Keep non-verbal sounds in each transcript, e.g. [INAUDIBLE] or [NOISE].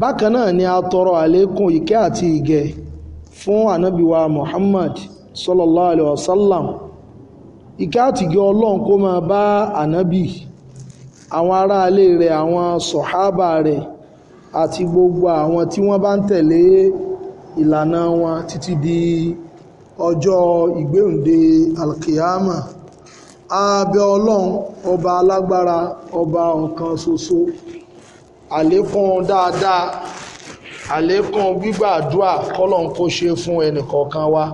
bákan náà ni a tọrọ àlékún ìkẹ́ àti ìgẹ̀ fún ànábìwa Muhammad sallallahu alaihi wasallam ìkẹ́ àti ìgẹ̀ ọlọ́run kó máa bá ànábì àwọn aráalé rẹ̀ àwọn sọ̀hábà rẹ̀ àti gbogbo àwọn tí wọ́n bá ń tẹ̀lé ìlànà wọn títí di ọjọ́ ìgbéǹde alkiyama a ọlọ́run ọba alágbára ọba ọ̀kan ṣoṣo àlékún dáadáa àlékún gbígbàdúà kọ́lọ́n kó ṣe fún ẹnìkọ̀ọ̀kan wa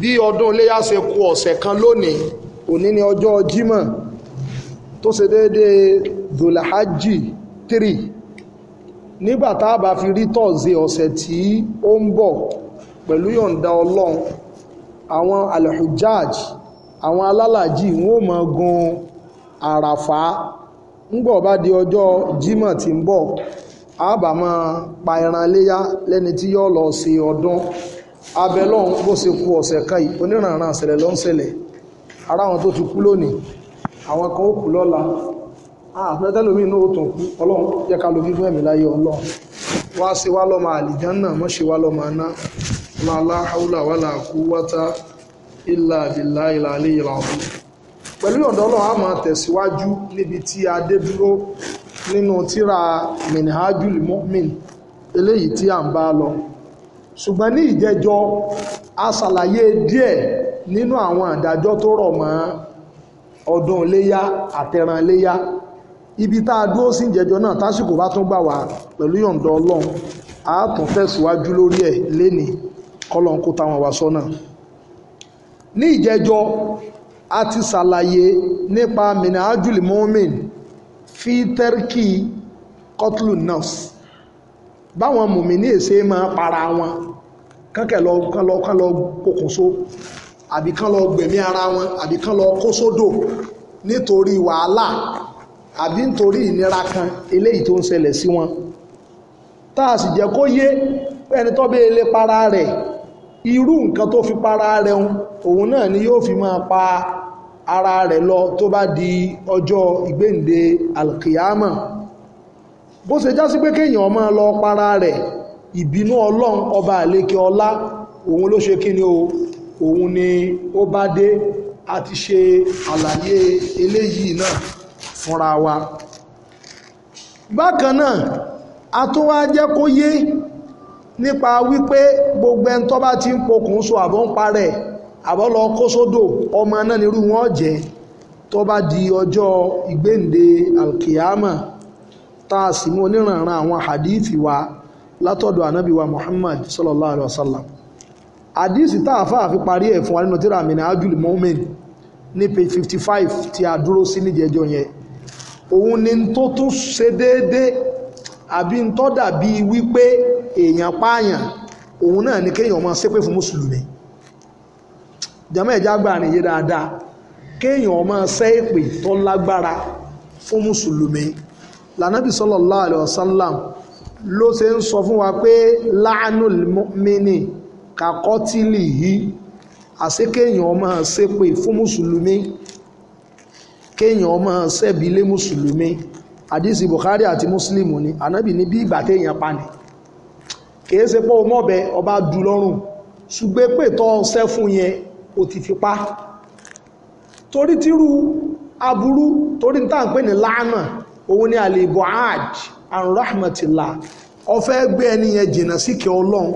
bí ọdún iléyà ṣe kù ọ̀sẹ̀ kan lónìí òní ni ọjọ́ jímọ̀ tó ṣe déédéé dùlàhájì 3 nígbà tá a bá fi rí tọ̀ọ̀sì ọ̀sẹ̀ tí ó ń bọ̀ pẹ̀lú yọ̀ǹda ọlọ́run àwọn alhujaj àwọn alálàjì wọn ò mọ̀ gun àràfá ngbọba bá di ọjọ́ jímọ̀ tí ń bọ̀ a máa pa ẹran léyá lẹ́ni tí yóò lọ si ọdún abẹ́lọ́n bó ṣe kú ọ̀sẹ̀ kan yìí ṣẹlẹ̀ ló ń ṣẹlẹ̀ ara tó ti kú lónìí àwọn kan ó kú lọ́la àfẹ́tẹ́lómi inú ó kú ọlọ́run jẹ́ ká ẹ̀mí láyé ọlọ́run wá wá lọ́mọ mọ́ ṣe wá lọ́mọ aná pẹ̀lú ọ̀dọ́ náà a máa tẹ̀síwájú níbi tí a dé dúró nínú tíra minhajul mu'min eléyìí tí a ń bá lọ ṣùgbọ́n ní ìjẹjọ́ a ṣàlàyé díẹ̀ nínú àwọn àdájọ́ tó rọ̀ mọ́ ọdún léyá àtẹran léyá ibi tá a dúró sí ìjẹjọ́ náà tásìkò bá tún gbà wá pẹ̀lú yọ̀ǹda ọlọ́run a tún tẹ̀síwájú lórí ẹ̀ lénìí kọ́lọ́n kó táwọn wá sọ́nà ní ìjẹjọ́ a ti ṣàlàyé nípa minahajul mumin fi tẹ́rkì kotlu nafs báwọn mùmíní èsè máa para wọn kánkẹ́ lọ kán lọ kán lọ pokùnso àbí kán lọ gbẹ̀mí ara wọn àbí kán lọ kó sódò nítorí wàhálà àbí nítorí ìnira kan eléyìí tó ń ṣẹlẹ̀ sí wọn tá a sì jẹ́ kó yé ẹni tó bẹ́ẹ̀ lè para rẹ̀ irú nǹkan tó fi para rẹ̀ òun náà ni yóò fi máa pa ara rẹ̀ lọ tó bá di ọjọ́ ìgbéǹde alkiyama bó ṣe já sí pé kéèyàn máa lọ para rẹ̀ ìbínú ọlọ́run ọba àlékè ọlá òun ló ṣe kíni o òun ni ó bá dé a ti ṣe àlàyé eléyìí náà fúnra wa bákan náà a tún wá jẹ́ kó yé nípa wípé gbogbo ẹni tó bá ti ń pokùn so àbọ̀ ń parẹ́ àbọ́lọ kó sódò ọmọ náà nírú wọn jẹ́ tó bá di ọjọ́ ìgbéǹde alkiyama tá a mú oníranran àwọn hadithi wa látọ̀dọ̀ ànábì Muhammad sallallahu alaihi wasallam hadithi tá a fà fi parí ẹ̀ òun ni tó tún ṣe déédéé àbí ń tọ́ dàbí wípé èèyàn pààyàn òun náà ni kéèyàn máa ṣépè fún mùsùlùmí jẹ́mọ́ ẹ̀já gbà nìyí dáadáa kéèyàn ọmọ ṣẹ́ èpè tó lágbára fún mùsùlùmí lànàbì sallallahu alaihi wasallam ló ṣe ń sọ fún wa pé la'anul mu'mini ka qatilihi àṣé kéèyàn ọmọ ṣépè fún mùsùlùmí kéèyàn ọmọ ṣẹ́bi lé mùsùlùmí àdísì Bukhari àti Muslim ni ànábì ní bí ìgbà téèyàn pa kìí ṣe pọ́ ọmọbẹ ọba dùlọ́rùn ṣùgbẹ́ pé tọ́ ṣẹ́ fún yẹn ó ti fipá torí tírú aburú torí ní táà ń ní láàmà òun ni àlèbò aj àrùn rahmatila ọfẹ́ gbé ẹni yẹn jìnnà síkẹ́ ọlọ́run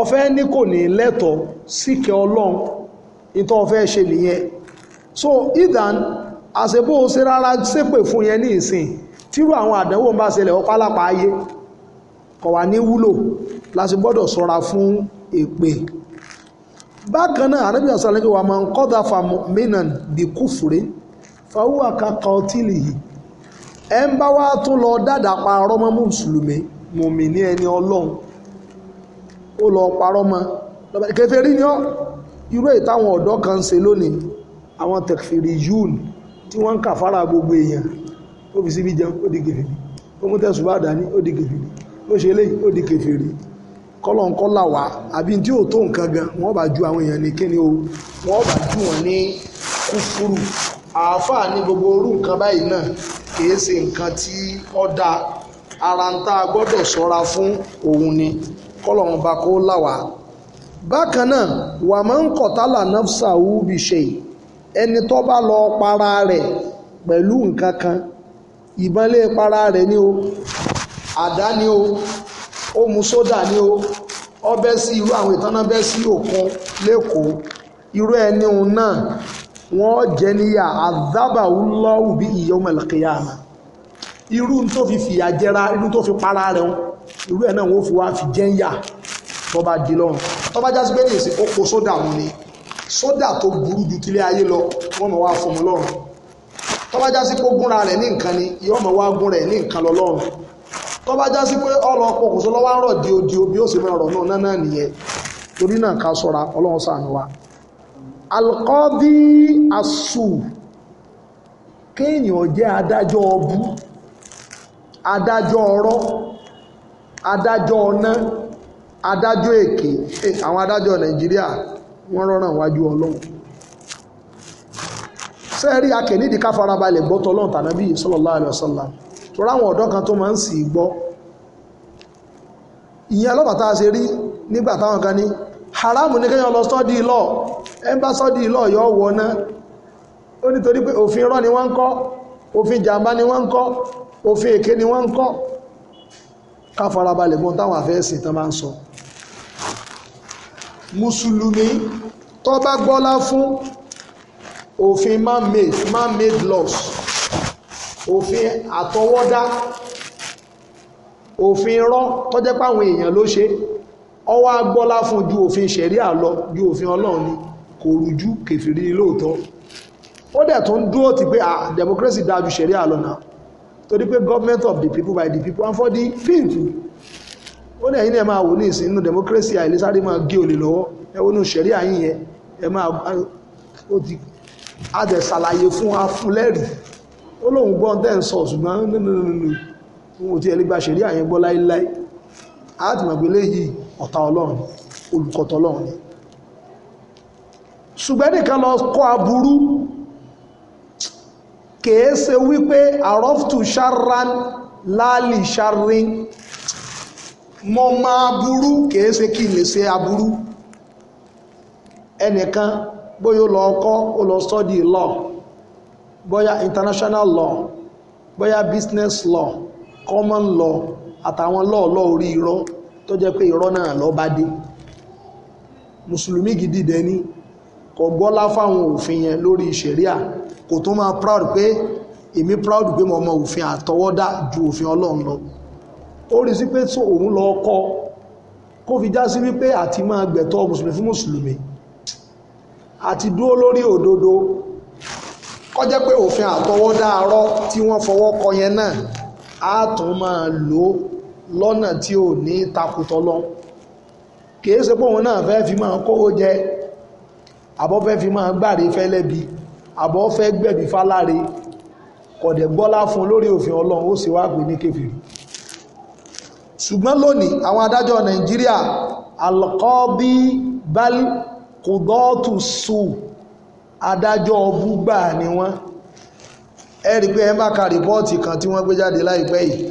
ọfẹ́ ní kò ní lẹ́tọ̀ síkẹ́ ọlọ́run ìtọ́ ọfẹ́ ṣe nìyẹn so idan àṣepọ̀ ṣe rárá ṣépè fún yẹn ní ìsìn tírú àwọn àdánwò ń bá ṣẹlẹ̀ ọpá lápá ayé kọ̀wá ní wúlò la sì gbọ́dọ̀ sọ́ra fún èpè. E bákan náà ànábì ọ̀sán lẹ́kẹ̀ wà máa ń kọ́ dáfà mìíràn bí kúfùrẹ́ fáwọn àkàkà ọtílì yìí ẹ ń bá wá tún lọ dáadáa parọ́ mọ́ mùsùlùmí mùmí ní ẹni ọlọ́run ó lọ parọ́ mọ́ kèfèrí ni ọ́ irú èyí táwọn ọ̀dọ́ kan ń ṣe lónìí àwọn tẹ̀fìrì yún tí wọ́n ń kàfàrà gbogbo èèyàn ó fi síbi jẹun ó di kèfèrí ó mú tẹ̀sùbá dání ó di kèfèrí ó ṣe eléyìí ó di kèfèrí kọ́lọ̀nkọ́là wá àbí tí ò tó nǹkan gan wọ́n bá ju àwọn èèyàn ní kíni o wọ́n bá ju wọn ní kúfúrú àáfàá ní gbogbo orú nǹkan báyìí náà kìí ṣe nǹkan tí ó da ara ń tá a gbọ́dọ̀ ṣọ́ra fún òun ni kọ́lọ̀n bá kó là wá. bákan náà wà máa ń kọ̀tálà nafsa ubi ṣe ẹni tó bá lọ para rẹ̀ pẹ̀lú nǹkan kan ìbọn lè para rẹ̀ ni o àdá ni o ó mu sódà ní o ọ bẹ́ sí irú àwọn ìtọ́nà bẹ́ sí òkun lẹ́kọ̀ọ́ irú ẹni òun náà wọ́n jẹ́ níyà àdábàwú lọ́wù bí ìyẹ́ ọmọ ìlẹ̀kẹ̀yà àmà irú tó fi fìyà jẹra irú tó fi para rẹ̀ wọn irú ẹ̀ náà wọ́n fi wá fi jẹ́ ń yà tó bá di lọ́run tó bá já sí pé ní ìsìn ó po sódà mu ni sódà tó burú ju tílé ayé lọ wọ́n mọ̀ wá fún mi lọ́run tó bá já pé ó gúnra rẹ̀ ní nǹkan ni yọ́ mọ̀ wá gún rẹ̀ ní nǹkan lọ lọ́run tó bá já sí pé ọ̀rọ̀ pokùnso lọ́wọ́ ń rọ̀ di odi obi ó sì máa rọ̀ náà náà nìyẹn torí náà ká sọ́ra ọlọ́run ṣàánú wa alkọ́dí asù kéèyàn jẹ́ adájọ́ ọbú adájọ́ ọ̀rọ̀ adájọ́ ọ̀nà adájọ́ èké àwọn adájọ́ nàìjíríà wọ́n rọ́ràn wájú ọlọ́run sẹ́ẹ̀rí nídìí ká farabalẹ̀ gbọ́tọ̀ ọlọ́run tó ráwọn ọ̀dọ́ kan tó máa ń sì gbọ́ ìyẹn ọlọ́pàá tá a ṣe rí nígbà táwọn kan ní haram ní kéèyàn lọ sọ́dí lọ ẹ ń bá sọ́dí lọ yọ wọ náà ó nítorí pé òfin irọ́ ni wọ́n ń kọ́ òfin jàmbá ni wọ́n ń kọ́ òfin èké ni wọ́n ń kọ́ ká farabalẹ̀ gbọ́n táwọn àfẹ́sìn tán máa ń sọ mùsùlùmí tó bá gbọ́lá fún òfin man made man made laws òfin àtọwọ́dá òfin rọ́ tó jẹ́ páwọn èèyàn ló ṣe ọwọ́ agbọ́lá fún ju òfin ṣẹ̀ríà lọ ju òfin ọlọ́run ni kò rújú kèfìrí lóòótọ́ ó dẹ̀ tó ń dúró ti pé ah democracy dáa ju ṣẹ̀ríà lọ náà torí pé government of the people by the people and for the people ó ní ẹ̀yin náà máa wò ní ìsìn nínú democracy àìlésáré máa gé olè lọ́wọ́ ẹwọ́n ní ṣẹ̀ríà yín yẹn ẹ máa ó ti adẹ̀ fún afúnlẹ́rìí ó lóun gbọ́n tẹ́ ń sọ ṣùgbọ́n nínú ohun tí ẹlẹ́gbà ṣẹ̀rí àyẹn gbọ́ láíláí a ti mọ̀ pé léyìí ọ̀tá ọlọ́run olùkọ́tọ̀ ọlọ́run ni ṣùgbọ́n nìkan lọ kọ́ aburú kèé ṣe wípé àrọ́fùtù ṣarran láàlì ṣarrin mọ́ máa burú kèé bóyá international law bóyá business law common law àtàwọn lọ́ọ̀lọ́ orí irọ́ tó jẹ́ pé irọ́ náà lọ bá dé mùsùlùmí gidi dẹni kò gbọ́lá fáwọn òfin yẹn lórí Sharia. kò tó máa proud pé èmi proud pé mo mọ òfin àtọwọ́dá ju òfin ọlọ́run lọ ó rí sí pé tó òun lọ kọ kó fi já sí wípé àti máa gbẹ̀tọ́ mùsùlùmí fún mùsùlùmí àti dúró lórí òdodo kó jẹ́ pé òfin àtọwọ́dáarọ́ tí wọ́n fọwọ́ kọ yẹn náà á tún máa lò ó lọ́nà tí ò ní takùtọ̀ lọ kìí ṣe pé òun náà fẹ́ fi máa kówó jẹ àbọ́ fẹ́ fi máa gbàre fẹ́lẹ́bi àbọ́ fẹ́ gbẹ̀bí fáláre kọ̀dẹ̀ gbọ́lá fún lórí òfin ọlọ́run ó sì wá gbé ní kèfèrí ṣùgbọ́n lónìí àwọn adájọ́ nàìjíríà alkọ́bí bal kùdọ́tù sùn adájọ́ ọbú gbà ni wọ́n ẹ rí pé ẹ má ka rìpọ́ọ̀tì kan tí wọ́n gbé jáde láìpẹ́ yìí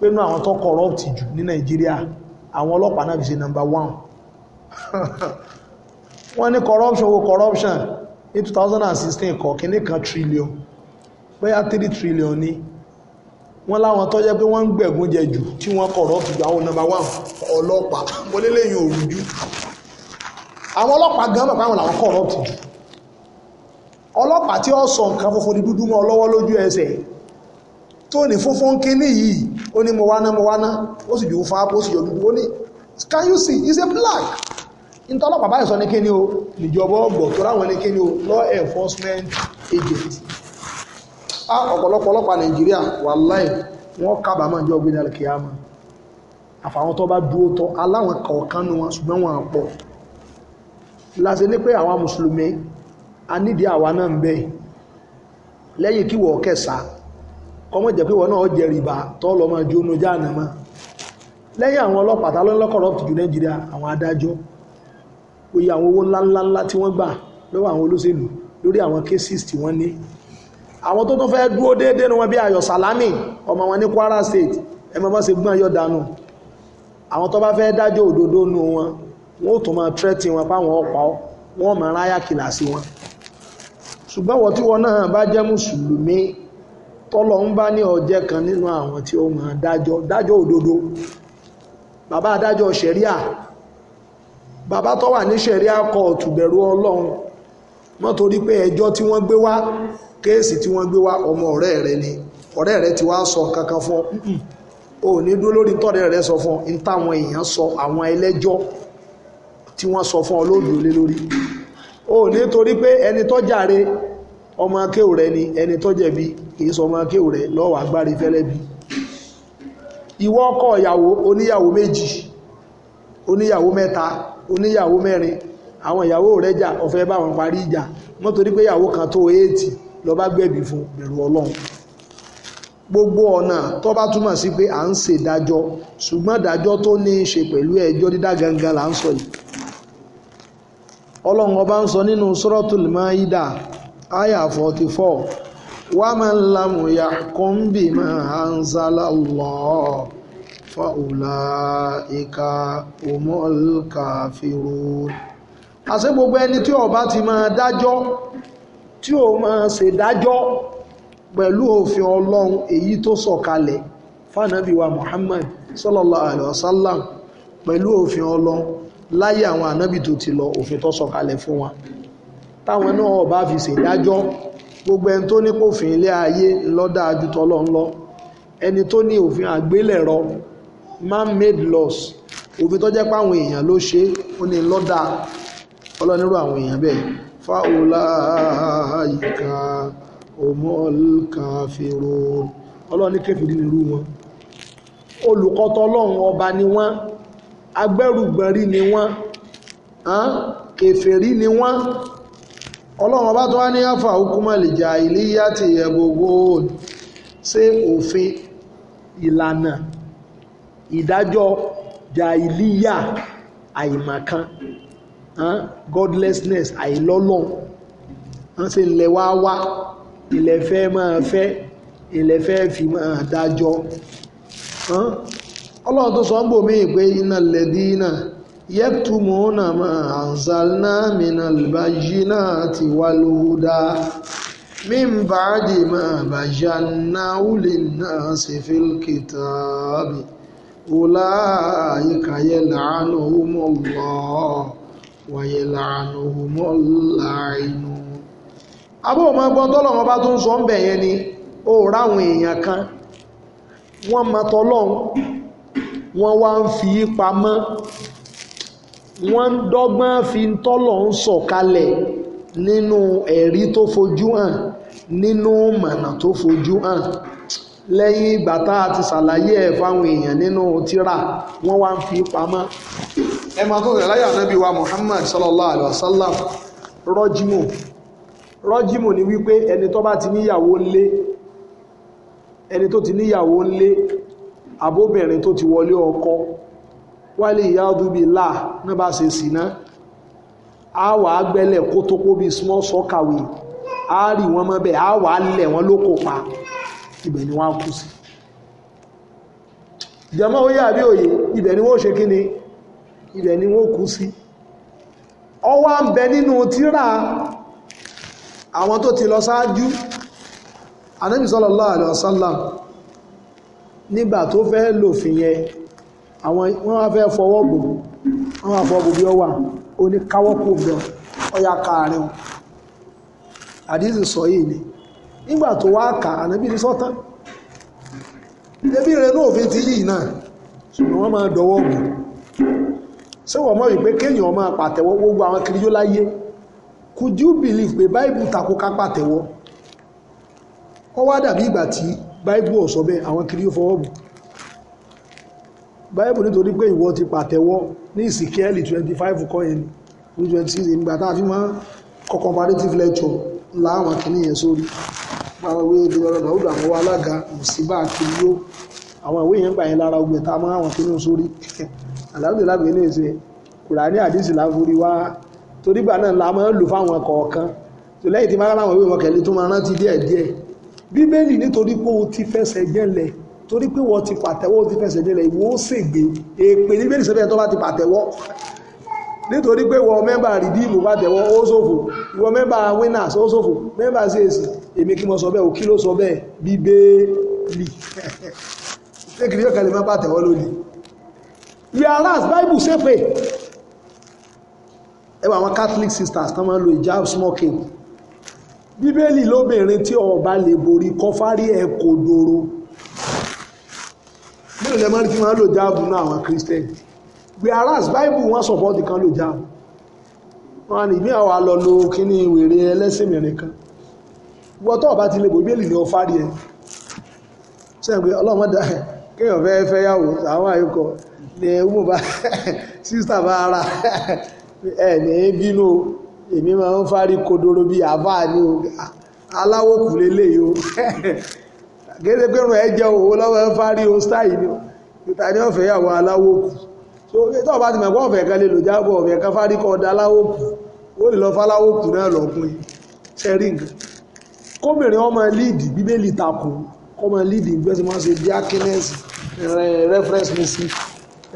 pé nú àwọn tó kọ̀rọ̀pùtì jù ní nàìjíríà àwọn ọlọ́pàá náà fi ṣe number one [LAUGHS] wọ́n ní corruption wo corruption ní 2016 kọ̀ kíní kan trillion bóyá 3 trillion ni wọ́n láwọn tó jẹ́ pé wọ́n ń gbẹ̀gún jẹ jù tí wọ́n corrupt jù àwọn number one ọlọ́pàá mo lélẹ́yìn òrùjú àwọn ọlọ́pàá gan mọ̀ pé àwọn làwọn corrupt jù ọlọ́pàá tí ó sọ nǹkan funfun ní dúdú mọ́ ọlọ́wọ́ lójú ẹsẹ̀ tó ní funfun kíní yìí ó ní mo wáná mo wáná ó sì jòwó fáápó ó sì ó ní can you see it's a black In ọlọ́pàá báyìí sọ ní kíní o níjọba ọgbọ̀ tó ráwọn ní kíní o law enforcement agent a ọ̀pọ̀lọpọ̀ ọlọ́pàá Nàìjíríà wàláì wọ́n kábàámọ̀ ìjọ ọgbẹ́ni alìkìyàmà àfàwọn tó bá dúó tọ́ aláwọn kọ̀ọ̀kan nu wọn ṣùgbọ́n wọn ní pé àwọn a nídìí àwa náà ń bẹ lẹ́yìn kí wọ́n kẹsà kọ́mọ̀ jẹ́ pé wọ́n náà jẹ rìbá tọ́ lọ máa ju omi ojú àná mọ́ lẹ́yìn àwọn ọlọ́pàá tálọ́ lọ́kọ̀ rọ́pùtù ju nàìjíríà àwọn adájọ́ oye àwọn owó ńláńláńlá tí wọ́n gbà lọ́wọ́ àwọn olóṣèlú lórí àwọn cases tí wọ́n ní àwọn tó tún fẹ́ dúró déédéé ni wọ́n bí ayọ̀ salami ọmọ wọn ní kwara state ẹ mọ́ bá ṣe gbọ́n ayọ̀ dànù àwọn tó bá fẹ́ dájọ́ òdodo nu wọn wọn ò tún máa tírẹ́tì wọn páwọn ọ̀pá wọn máa ráyà kìlà sí wọn ṣùgbọ́n wọ́n tí wọ́n náà bá jẹ́ mùsùlùmí tọ́lọ ń bá ní ọjẹ́ kan nínú àwọn tí ó mọ̀ dájọ́ dájọ́ òdodo bàbá adájọ́ ṣẹ̀ríà bàbá tó wà ní ṣẹ̀ríà kóòtù bẹ̀rù ọlọ́run mọ́ torí pé ẹjọ́ tí wọ́n gbé wá kéèsì tí wọ́n gbé wá ọmọ ọ̀rẹ́ rẹ ni ọ̀rẹ́ rẹ ti wá sọ kankan fún ọ ò ní dúró lórí tọ́rẹ́ rẹ sọ fún ọ ní táwọn èèyàn sọ àwọn ẹlẹ́jọ́ tí wọ́n sọ fún ọ lórí o ní torí pé ẹni tó jàre ọmọ akéwù rẹ ni ẹni tó jẹ̀bi kì í sọ ọmọ akéwù rẹ lọ́wọ́ agbárí fẹ́lẹ́ bí ìwọ ọkọ ìyàwó oníyàwó méjì oníyàwó mẹ́ta oníyàwó mẹ́rin àwọn ìyàwó rẹ jà ó fẹ́ bá wọn parí ìjà wọ́n torí pé ìyàwó kan tó éètì lọ bá gbẹ̀bí fún bẹ̀rù ọlọ́run gbogbo ọ̀nà tó bá túmọ̀ sí pé à ń ṣèdájọ́ ṣùgbọ́n ìdájọ́ tó ní í ṣe pẹ̀lú ẹjọ́ dídá gangan là ń sọ yìí ọlọ́run ọba ń sọ nínú suratul maida aya forty four waman lam yahkum bima anzala Allah fa ulaika humul kafirun. àṣẹ gbogbo ẹni tí ó bá ti máa dájọ́ tí ó máa ṣèdájọ́ pẹ̀lú òfin ọlọ́run èyí tó sọ̀kalẹ̀ fanabiwa Muhammad sallallahu alayhi wa sallam pẹ̀lú òfin ọlọ́run láyé àwọn ànábì tó ti lọ òfin tó sọ̀kalẹ̀ fún wa táwọn náà ọba fi ṣèdájọ́ gbogbo ẹni tó ní kófin ilé ayé ńlọ́dá ajútọ́ lọ ńlọ ẹni tó ní òfin àgbélẹ̀rọ man-made laws òfin tó jẹ́ páwọn èèyàn ló ṣe ó ní ńlọ́dá ọlọ́nirú àwọn èèyàn bẹ́ẹ̀ fáwọlá ìka òmọ́ọ̀lùkà ọlọ́ni kẹfìdí wọn olùkọ́tọ́ ọlọ́run ọba ni wọ́n agbẹ́rùgbọ̀nrí ni wọ́n kèfèrí ni wọ́n ọlọ́run bá tó wá ní àfà hukumọ̀ lè jà ìlíyà ti ẹ̀gbogbo ṣé òfin ìlànà ìdájọ́ jà ìlíyà àìmọ̀kan godlessness àìlọ́lọ́ wọ́n sì ń lẹ wá wá ilẹ̀ fẹ́ máa fẹ́ ilẹ̀ fi máa dájọ́ ọlọ́run tó sọ ń bò mí pé innal ladina yaktumuna ma anzalna minal bayyinati wal huda min ba'di ma bayyanahu linnasi fil kitabi ulaika yal'anuhumullah wa yal'anuhumul la'inun abọ́ ọmọ ẹgbọ́n tọ́lọ́run bá tún sọ ń bẹ̀ yẹn ni ó ráwọn èèyàn kan wọ́n mọ́tọ́lọ́run wọ́n wá ń fi í pamọ́ wọ́n ń dọ́gbọ́n fi ń tọ́lọ̀ ń sọ̀kalẹ̀ nínú ẹ̀rí tó fojú hàn nínú mọ̀nà tó fojú hàn lẹ́yìn ìgbà tá a ti ṣàlàyé ẹ̀ fáwọn èèyàn nínú tírà wọ́n wá ń fi í pamọ́ ẹ máa tó rẹ̀ láyé ànábì wa Muhammad sallallahu alaihi wasallam rọ́jímù rọ́jímù ni wípé ẹni tó bá ti níyàwó ńlé ẹni tó ti níyàwó ńlé abóbìnrin tó ti wọlé ọkọ wálé ìyá ọdúnbí láà náà bá ṣe sì ná a wà á gbẹ́lẹ̀ kó tó kó bí small soccer way a rì wọ́n mọ́ bẹ́ẹ̀ a wà á lẹ̀ wọ́n ló kó pa ibẹ̀ ni wọ́n á kú sí ìjọba ó yà bí òye ibẹ̀ ni wọ́n ṣe kí ni ibẹ̀ ni wọ́n kú sí ọwọ́ ń bẹ nínú tírà àwọn tó ti lọ ṣáájú anábì sallallahu alaihi wasallam nígbà tó fẹ́ lòfin yẹn àwọn wọ́n wá fẹ́ fọwọ́ bò wọ́n wá fọwọ́ bò bí ọ ó ní káwọ́ kò bẹ̀ ọ ya kààrin àdísì sọ yìí ni nígbà tó wá kà ànábì ní sọ́tán ẹbí rẹ̀ náà fi ti yìí náà ṣùgbọ́n wọ́n máa dọwọ́ bò ṣé wọ́n mọ̀ wípé kéèyàn máa pàtẹ́wọ́ gbogbo àwọn kiri yóò láyé could you believe pé báìbù takò ká pàtẹ́wọ́ ọ wá dàbí ìgbà tí báìbù ò sọ bẹ́ẹ̀ àwọn kiri fọwọ́ bù báìbù nítorí pé ìwọ ti pàtẹ́wọ́ ní ìsìkẹ́ẹ̀lì 25 kọ́yìn ní 26 ìgbà tá a fi máa kọ comparative lecture láwọn kìíní yẹn sórí àwọn ìwé ìdílé ọ̀rọ̀ náà ó dàmú wa alága mùsíbà kiri yó àwọn ìwé yẹn gbà yẹn lára ogun ìta máa àwọn kìíní sórí àlàáfíà [LAUGHS] lágbè ní ìsìn wá torí náà la máa ń lò fáwọn kọ̀ọ̀kan lẹ́yìn tí máa láwọn ìwé wọn tó máa rántí díẹ̀díẹ̀ bíbélì nítorí pé o ti fẹsẹ̀ jẹ́lẹ̀ torí pé wọ́n ti pàtẹ́wọ́ o ti fẹsẹ̀ jẹ́lẹ̀ ìwọ ó ṣègbè èpè ní bíbélì sọ́dọ̀ tó bá ti pàtẹ́wọ́ nítorí pé wọ́n mẹ́bà rìdíìmù pàtẹ́wọ́ ó ṣòfò ìwọ mẹ́bà winners ó ṣòfò mẹ́bà ṣèṣì èmi kí mo sọ bẹ́ẹ̀ o kí ló sọ bẹ́ẹ̀ bíbélì kékeré yóò kẹlẹ̀ mọ́ pàtẹ́wọ́ lónìí whereas bible ṣépè ẹwà àwọn catholic sisters tán máa ń lo ìjáàbù smoking bíbélì lóbìnrin tí ọba lè borí kọfárí ẹ kò dòrò nínú ilẹ̀ mọ́rí tí wọ́n lò jáàbù náà àwọn christian whereas bible wọ́n support kan lò jáàbù wọ́n á nìgbín àwọn lọ lo kíní wèrè ẹlẹ́sìn mìíràn kan wọ́n tó ọba ti lè bo bíbélì ní ọfárí ẹ sẹ́yìn pé ọlọ́mọdé kéèyàn fẹ́ fẹ́ yàwó àwọn àyíkọ ní ẹ̀hún bá sísà [LAUGHS] bá ara [LAUGHS] ẹ̀ ní bínú o. èmi máa ń fárí kodoro bíi àbá ní aláwọ̀ kù lélẹ́yìí o gẹ́gẹ́ [LAUGHS] pé rùn ẹ jẹ́ òwò lọ́wọ́ ẹ fárí o stáì ni o ìta ni ọ̀fẹ́ yàwó aláwọ̀ kù tó o bá ti mọ̀ pé ọ̀fẹ́ kan lè lò jábọ̀ ọ̀fẹ́ kan fárí kọ́ ọ̀dà aláwọ̀ kù ó lè lọ fáláwọ̀ kù náà lọ́kùnrin ṣẹ́rí nǹkan kóbìnrin ọmọ líìdì bíbélì takò ọmọ líìdì gbé tí wọ́n ṣe diakiness reference message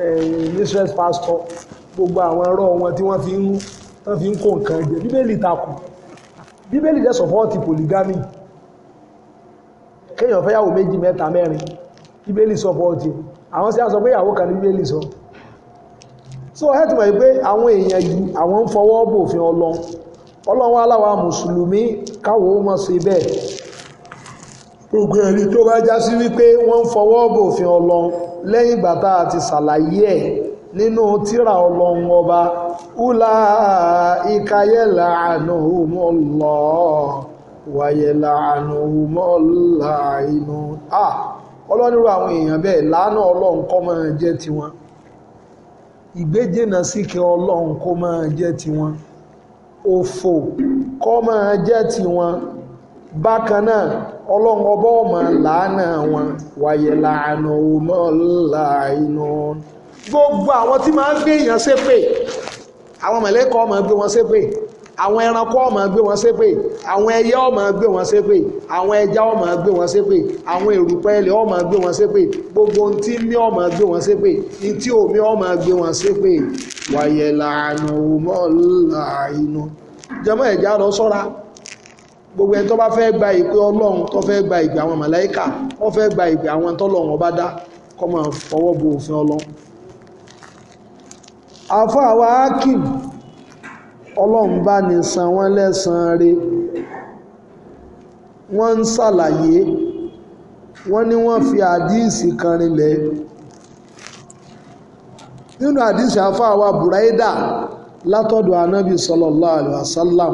eh, mistress pastor gbogbo àwọn ẹ̀rọ wọn tí wọ́n tán fi ń kó nǹkan jẹ bíbélì takù bíbélì dẹ̀ sọ̀fọ́ọ̀tì polygamy kéèyàn fẹ́ yàwó méjì mẹ́ta mẹ́rin bíbélì sọ̀fọ́ọ̀tì àwọn sí àsọ pé ìyàwó kan ní bíbélì sọ so ẹ ti mọ̀ pé àwọn èèyàn yìí àwọn ń fọwọ́ bòfin ọlọ ọlọ́run aláwa mùsùlùmí káwọ́ ó mọ̀ sí bẹ́ẹ̀ gbogbo ẹ̀rí tó bá já sí wípé wọ́n ń fọwọ́ bòfin ọlọ lẹ́yìn ìgbà tá a ti ṣàlàyé ẹ̀ nínú tírà ọlọ́run ọba أولئك يلعنهم الله ويلعنهم اللاعنون ah ọlọ́nirú àwọn èèyàn bẹ́ẹ̀ lánà ọlọ́run kó máa jẹ́ tiwọn ìgbéjìnà síkẹ ọlọ́run kó máa jẹ́ tiwọn òfò kó máa jẹ́ tiwọn bákan náà ọlọ́run ọba ọmọ lánà wọn wàyẹ̀ òun náà gbogbo àwọn tí gbé èèyàn àwọn mọ̀lẹ́kọ̀ ọmọ gbé wọn ṣépè àwọn ẹranko ọmọ gbé wọn ṣépè àwọn ẹyẹ ọmọ gbé wọn ṣépè àwọn ẹja ọmọ gbé wọn ṣépè àwọn èrùpẹ̀lẹ̀ ọmọ gbé wọn ṣépè gbogbo ntí mi ọmọ gbé wọn ṣépè ntí omi ọmọ gbé wọn ṣépè wàyẹ̀ làánú mọ́ọ̀lá inú jẹ́mọ́ ẹ̀já lọ sọ́ra gbogbo ẹni tó bá fẹ́ gba ìpè ọlọ́run tó fẹ́ gba ìpè àwọn màláíkà wọ́n fẹ́ gba ìpè àwọn tọ́lọ́run ọba dá kọ́ fọwọ́ bo òfin ọlọ́run afọ àwọn akim ọlọ́run bá ní san wọ́n lẹ́sàn rí wọ́n ń ṣàlàyé wọ́n ní wọ́n fi àdíìsì kan rinlẹ̀ nínú àdíìsì afọ àwọn buraida látọ̀dọ̀ anábì sallallahu alaihi wasallam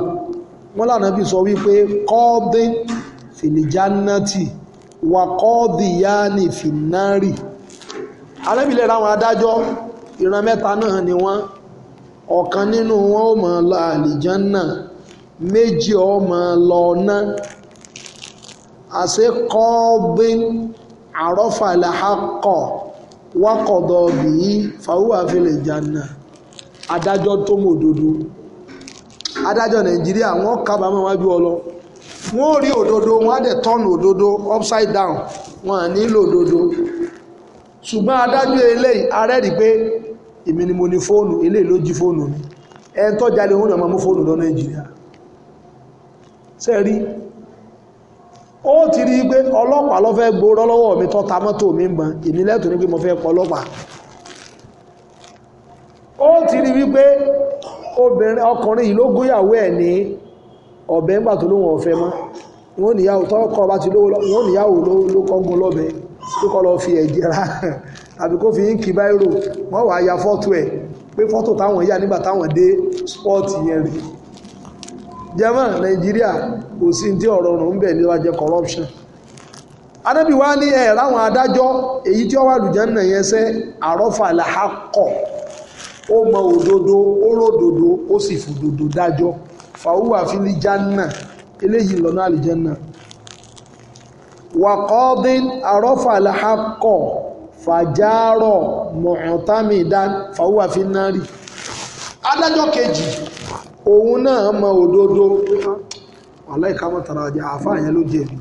wọ́n lànàbì sọ wípé kọ́ọ̀dín fìlìjánátì wà kọ́ọ̀dìyáni fìnnárì anábì lè ra adájọ́ ìran mẹ́ta náà ni wọ́n ọ̀kan nínú wọn ó máa lọ àlìjánná méjì ó máa lọ ọ̀nà àṣẹ kọ́ọ̀bín àrọ́fà làákọ̀ wákọ̀dọ̀ bìí fàwúwà fìlẹ̀ jàǹnà adájọ́ tó mọ̀ òdodo adájọ́ nàìjíríà wọ́n kábàámọ̀ wájú ọlọ wọ́n rí òdodo wọ́n á dẹ̀ tọ́nù upside down wọ́n á nílò òdodo ṣùgbọ́n adájọ́ eléyìí arẹ́rìí pé èmi ni mo ní fóònù eléyìí ló jí fóònù mi ẹni tó jalè òun ni ọmọ mú fóònù lọ nàìjíríà ṣe rí ó ti rí pé ọlọ́pàá ló fẹ́ gbóró lọ́wọ́ mi tó ta mọ́tò mi ń ban èmi lẹ́tọ̀ọ́ ní pé mo fẹ́ pọ̀ ọlọ́pàá ó ti rí wípé obìnrin ọkùnrin yìí ló gúnyàwó ẹ̀ ní ọ̀bẹ ńgbà tó lóhun ọ̀fẹ́ mọ́ wọ́n níyàwó tọ́kọ̀ bá ti lówó lọ́wọ́ wọ́n níyàwó ló kọ́gun lọ́bẹ̀ tó kọ́ lọ fi ẹ̀jẹ̀ ra àbí kó fi ínkì báírò wọ́n ya fọ́tò ẹ̀ pé ta táwọn yà nígbà táwọn dé spọ́ọ̀tì yẹn rí jẹ́mọ́ nàìjíríà kò sí tí ọ̀rọ̀ ọ̀rùn ń bẹ̀ ní wájẹ́ corruption wá ní ẹ̀ ráwọn adájọ́ èyí tí ó wà lùjẹ́ nà yẹn sẹ́ àrọ́fà làákọ̀ ó mọ òdodo fàjárọ̀ mọ̀ọ́tàmídá fàwúwà fi náà rí adájọ́ kejì òun náà mọ òdodo aláìka mọ̀tara ọjà àáfàá yẹn ló jẹ̀bi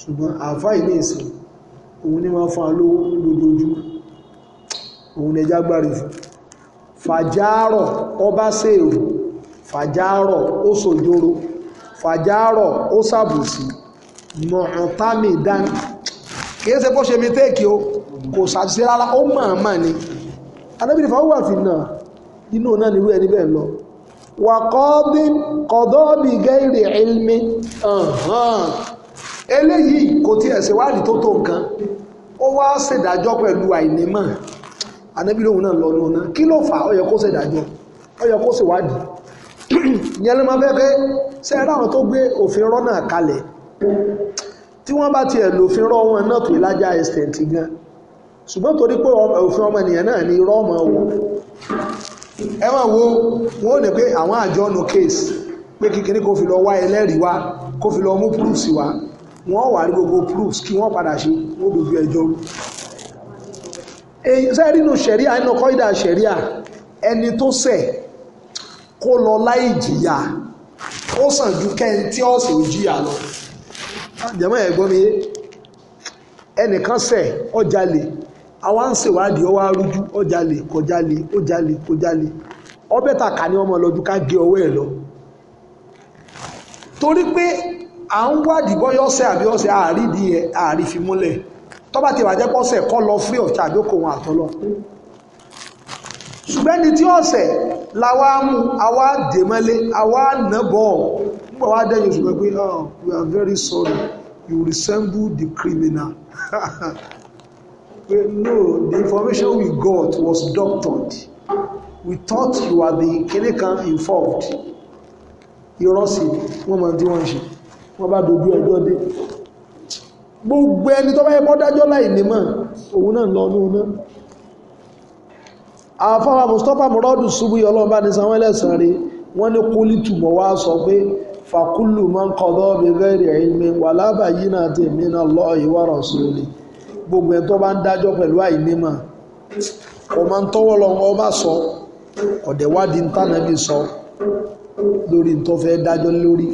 ṣùgbọ́n àáfàá yìí ní ìsìn òun ní máa fa lówó lójoojúmọ́ òun ẹja gbárí fún fàjárọ̀ ọba sèèrò fàjárọ̀ ó sòjóró fàjárọ̀ ó sàbòsí mọ̀ọ́tàmídá kìí ṣe bó ṣe mi téèkì o kò ṣàṣìṣe rárá ó mọ̀ọ́mọ̀ ni anábìrì fún àwọn àfin náà inú náà nírú ẹni bẹ́ẹ̀ lọ wà kọ́ọ́dín kọ́dọ́ọ̀bì gẹ́rì ilmi eléyìí kò tiẹ̀ ṣèwádìí tó tó nǹkan ó wá ṣèdájọ́ pẹ̀lú àìnímọ̀ anábìrì òun náà lọ lọ́nà kí ló fà ó yẹ kó ṣèdájọ́ ó yẹ kó ṣèwádìí yẹn ló máa fẹ́ pé ṣe tó gbé òfin rọ́nà kalẹ̀ tí wọ́n bá tiẹ̀ lòfin rọ́ wọn náà tó ìlàjà ẹ̀sìtẹ̀ǹtì gan ṣùgbọ́n torí pé òfin ọmọ ènìyàn náà ni irọ́ ọmọ wò ẹ máa wo wọn ò ní pé àwọn àjọnu case pé kékeré kó fi lọ wá ẹlẹ́rìí wá kó fi lọ mú proofs wá wọ́n wà rí gbogbo proofs kí wọ́n padà ṣe ó dojú ẹjọ́ sẹ́ẹ̀rì nù ṣẹ̀ríà nínú kọ́ìdà ẹni tó ṣẹ̀ kó lọ láì jìyà ó sàn ju kẹ́ntì ọ̀sẹ̀ ò jìyà lọ jẹ́mọ́ ẹ̀gbọ́n mi ẹnìkan ṣẹ̀ ó jalè àwa ń ṣèwádìí ọwọ́ arújú ọjàlè kọjálè ọjàlè kọjálè ọbẹ̀ ta kà ní ọmọ lọ́dún ká gé ọwọ́ ẹ̀ lọ torí pé à ń wádìí bọ́ yọ́sẹ̀ àbí ọ̀sẹ̀ àrídìí ẹ̀ àrí fi múlẹ̀ tọ́ba ti wà jẹ́ pọ́sẹ̀ kọ́ lọ fúrí ọ̀tí àjókòó wọn àtọ́lọ́ ṣùgbọ́n ní tí ọ̀sẹ̀ làwa mú àwa dèmọ́lé àwa nàbọ̀ nígbà wá dẹ́yìn oṣù pé oh we are very sorry you resemble the criminal [LAUGHS] no the information we got was doctored we thought you were the kìnní involved irọ́ sí wọ́n mọ̀ tí wọ́n ṣe wọ́n bá dojú ẹjọ́ dé gbogbo ẹni tó bá dájọ́ láì ní mọ̀ òun náà lọ ní ọ̀nà àfáwà Mustapha muradu ṣubú ọlọ́ọ̀bá ní sanwó ẹlẹ́sàn rí wọ́n ní kólítù mọ̀ wá sọ pé fàkúlù man qada bi ghairi ilmi wala bayyinatin min Allahi wa rasuli gbogbo ẹni tó bá ń dájọ́ pẹ̀lú àìnímọ̀ ọmọ ń tọ́wọ́ lọ wọn bá sọ ọ̀dẹ̀wádìí ń tànà bí sọ lórí tó fẹ́ dájọ́ lórí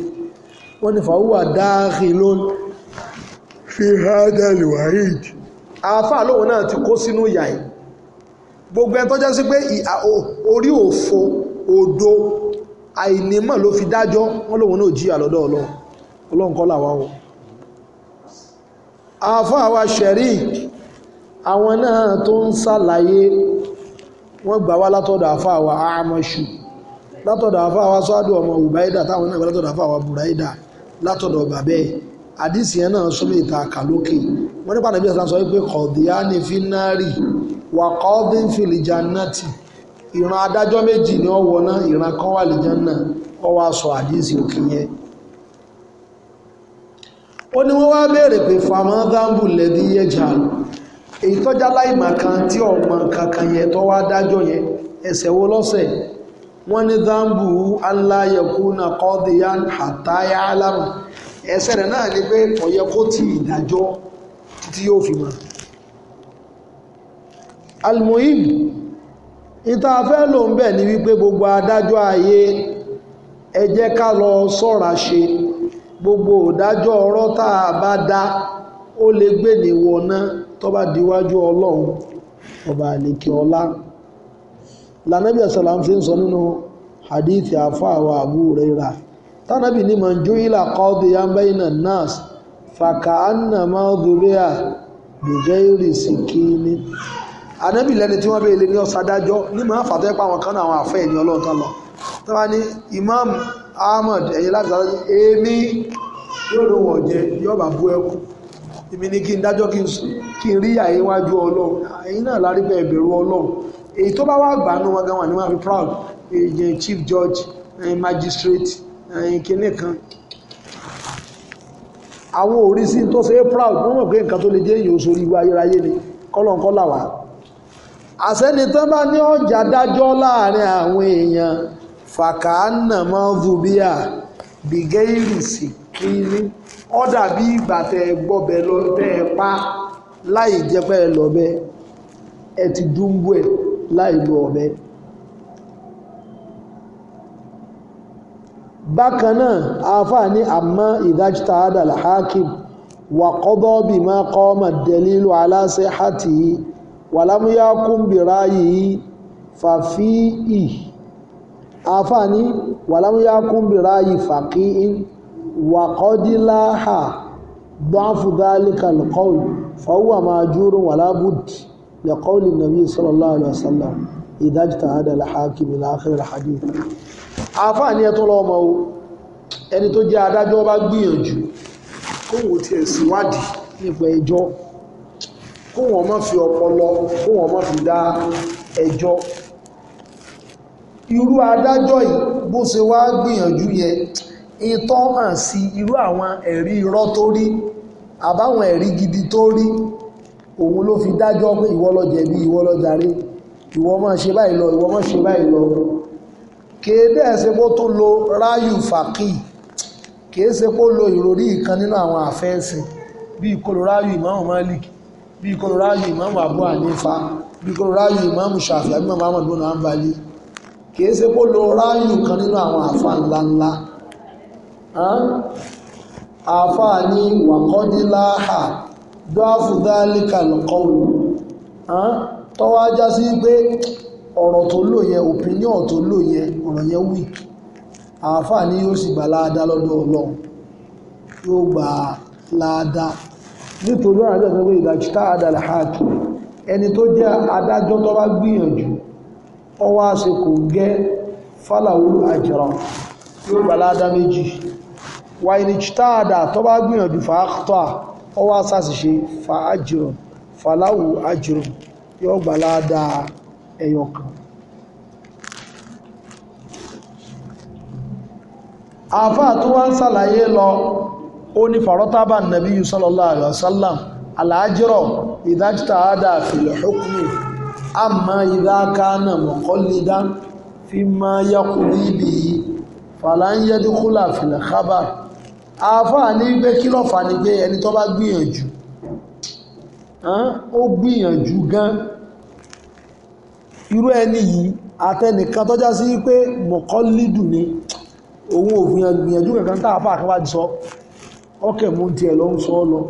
wọ́n ní fàáwà dáàrí ló fi hádàlì wáyìd àáfà lóhun náà ti kó sínú ìyà yìí gbogbo ẹ̀ tó jẹ́ sí pé orí òfo òdo àìnímọ̀ ló fi dájọ́ wọ́n lóhun náà jìyà lọ́dọ̀ ọlọ́run ọlọ́run kọ́ làwa o àáfàá wa ṣẹ̀rí àwọn náà tó ń ṣàlàyé wọ́n gbà wá látọ̀dọ̀ àáfàá wa àmọ́ṣù látọ̀dọ̀ àáfàá wa sọ́dọ̀ ọmọ Ubaida táwọn náà gbà látọ̀dọ̀ àáfàá wa Buraida látọ̀dọ̀ bàbẹ́ àdìsí yẹn náà súnmọ́ ìta kàlókè wọ́n nípa nàbí ẹ̀sán sọ wípé kọ̀díyánì fi nárì wà kọ́ọ́dín fi lìjánátì ìran adájọ́ méjì ni ó wọ náà ìran kan wà ó ní wọ́n wá bèèrè pé fàmọ́ dáńbù lẹ́dí yẹ jà èyí tọ́já láìmọ̀ kan tí ọmọ kankan yẹ tó dájọ́ yẹn wo lọ́sẹ̀ wọ́n ní dáńbù aláyẹ̀kú na kọ́díyàn àtàyà alámà ẹ̀ṣẹ̀ rẹ̀ náà ni pé kò yẹ kó ti ìdájọ́ títí yóò gbogbo adájọ́ ayé ká lọ gbogbo òdájọ́ ọ̀rọ̀ tá a bá dá ó lè gbé ní wọná tó bá díwájú ọlọ́run ọba àlèkè ọlá lànàbí àsàlám fi ń sọ nínú hadith àfáàwà Abu Hurairah tánàbí ní man ju'ila qadiyan bayna an-nas fakaannama dhubiha bighairi sikini ànábì lẹ́ni tí wọ́n bẹ́ẹ̀ lé ní ọ̀sádájọ́ ní màá fàtọ́ ẹ̀pá àwọn kan náà àwọn àfẹ́ ẹ̀yìn ọlọ́ọ̀tọ́ lọ tó bá ní imam ahmed ẹ̀yin láti sáré èmi yóò ló jẹ yóò bá bú èmi ni kí n dájọ́ kí n rí àyè wájú ọlọ́run náà lárí bẹ́ẹ̀ bẹ̀rù ọlọ́run èyí tó bá wà gbà ní fi proud chief judge eh, magistrate eh, kan àwọn tó ṣe proud mọ̀ pé nǹkan tó lè jẹ́ èyí ìwà ayérayé ni wà àṣẹ́ni tán fàkàánà máa ń dùbíà bìgẹ́ìrì sí kínní ó dàbí ìgbà tẹ ẹ gbọ́bẹ lọ tẹ ẹ pa láì jẹ́ pé ẹ lọ́bẹ ẹ ti dúnbù ẹ láì lo ọ̀bẹ. bákan náà àáfàá ní àmọ́ ìdájúta adàlá hakim wà kọ́bọ́ bí máa kọ́ mà dẹ́lílù aláṣẹ hàtì wàlámúyá kúmbìráyì fàfíì àfààní wàlámúyá kúnbìrá yìí fàkíín wàkọ́díláhà ضعف ذلك القول فهو ماجور ولا بد لقول النبي صلى الله عليه وسلم إذا اجتهد الحاكم إلى آخر الحديث àfáà ni ẹ̀tọ́ lọ́mọ o ẹni tó jẹ́ adájọ́ bá gbìyànjú kóhùn ti ẹ̀sìwádìí nípa ẹjọ́ kóhùn ọmọ fi ọpọlọ kóhùn ọmọ fi dá ẹjọ́ irú adájọ́ yìí bó ṣe wá gbìyànjú yẹn ìtọ́ hàn sí irú àwọn ẹ̀rí irọ́ tó rí àbáwọn ẹ̀rí gidi tó rí òun ló fi dájọ́ pé ìwọ ló jẹ̀bi ìwọ ló jàre ìwọ máa ṣe báyìí lọ ìwọ máa ṣe báyìí lọ kèé dẹ̀ ṣe tó lo ráyù fàkì kèé ṣe kó lo ìròrí ìkan nínú àwọn àfẹ́ẹ̀sìn bíi koloráyù ìmáàmù Malik bíi koloráyù ìmáàmù Abu Hanifa bíi koloráyù ìmáàmù Shafi'i àbí mọ̀mọ́ àmọ̀dúnrún àǹbálí kìí ṣe kó lo ráyù kan nínú àwọn àfa ńláńlá àfa ní wàkọ́díláhà dọ́àfùdálíkà lọ́kọ́wù tọ́wọ́ ajá sí pé ọ̀rọ̀ tó lò yẹn opinion tó lò yẹn ọ̀rọ̀ yẹn wì àfa ní yóò sì gbà láadá lọ́dọ̀ ọlọ́run yóò gbà láadá nítorí àwọn àjọ sọ tá a dàlẹ́ háàkì ẹni tó jẹ́ adájọ́ tó bá gbìyànjú ọwọ́ àsìkò gẹ́ fàlàwú àjẹ́rọ̀ yóò gbà ládá méjì wà ní chitaada tó bá gbìyànjú fàáktọ́à ọwọ́ àsàṣìṣe fàájìrọ̀ fàlàwú àjẹ́rọ̀ yóò gbà ládá ẹyọkan àfáà tó wá ń sàlàyé lọ ó ní fàrọ́tábà nàbí sallallahu alaihi wasallam aláàjírọ̀ ìdájítà àdà fil hukmi amma idha kana muqallidan fimma yaqdi bihi falan yadkhula fil khabar afa ni pé kí ló fà ni pé ẹni tó bá gbìyànjú han ó gbìyànjú gan irú ẹni yìí àtẹnìkan tó já sí pé muqallidu ni òun ò gbìyànjú kankan tá àfà kan wá sọ ọkẹ̀ mú tiẹ̀ lọ ń sọ lọ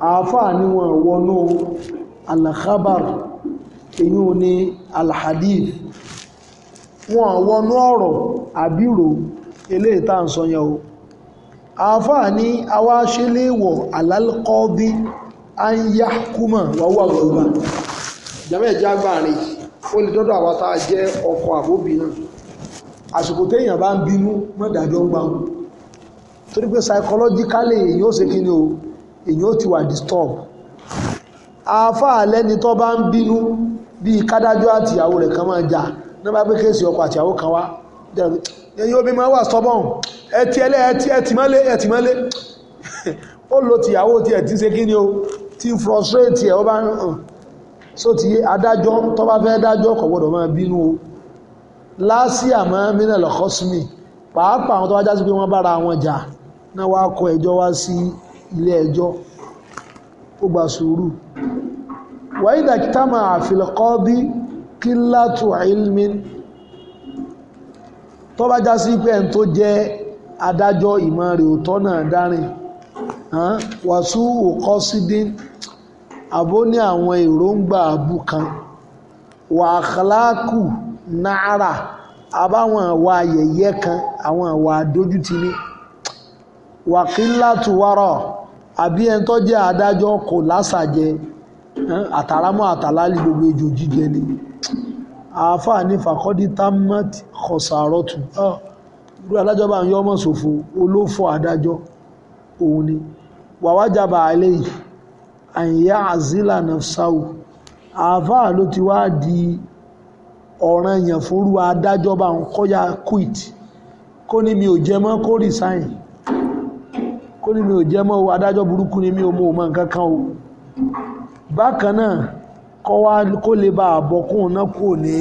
àfà ni wọn wọnú al khabar èyí ò ní alhadith wọn wọnú ọ̀rọ̀ àbírò eléyìí tá ń sọ o àáfàá ní awáṣeléwọ̀ alálkọ́dí anyakuma wàwà gbogbo jàmẹ́ jágbàrin ó lè dọ́dọ̀ àwátá jẹ́ ọkọ àbóbì náà àsìkò téèyàn bá ń bínú mọ́dàdọ́ ń gbáhùn torí pé psychologically èyàn ó ṣe kí ni o èyàn ó ti wà disturb àáfàá lẹ́ni tó bá ń bínú bíi kádájọ́ àtìyàwó rẹ̀ kan máa jà ní bá pé kéèsì ọkọ àtìyàwó kan wá ẹ̀yin obìnrin máa wà stubborn ẹtì ẹlẹ́ ẹtì ẹtì mọ́lé ẹtì mọ́lé [LAUGHS] ó lo tìyàwó tiẹ̀ tí ń ṣe kí ni o ti ń frustrate ẹ̀ ó bá ń so ti adájọ́ tó bá fẹ́ dájọ́ kò gbọ́dọ̀ máa bínú o láásì àmọ́ mínà lọ́kọ́sùmí pàápàá àwọn tó wá já sí pé wọ́n bára wọn jà náà wá kọ ẹjọ́ wá sí ilé ẹjọ́ ó gba sùúrù وإذا اجتمع في القاضي قلة علم tó bá já sí pé tó jẹ́ adájọ́ ìmọ̀ rẹ̀ náà dárìn wàásù òkọ́ sídín àbó ní àwọn èròǹgbà àbú kan wàhálàkù náírà àbáwọn àwa ayẹyẹ kan àwọn àwa àdójútì àbí ẹni tó jẹ́ adájọ́ kò àtàràmọ́ àtàlálì gbogbo ejò jíjẹ ni àáfàá ní fàkọ́dí támátì kọ̀sàrọ́tù irú adájọ́ bá ń yọ ọmọ ṣòfò olófò adájọ́ òun ni wàwájàbà àlẹ́yìn àyíyá àzílà nàfsáwù àáfàá ló ti wá di ọ̀ràn yẹn fúnrú adájọ́ bá ń kọ́yà quit kó ní mi ò jẹ mọ́ kó resign kó ní mi ò jẹ mọ́ adájọ́ burúkú ni mi ò mọ̀ nǹkan kan o bákan náà kọ́ wá kó lè bá àbọ̀kún náà kò ní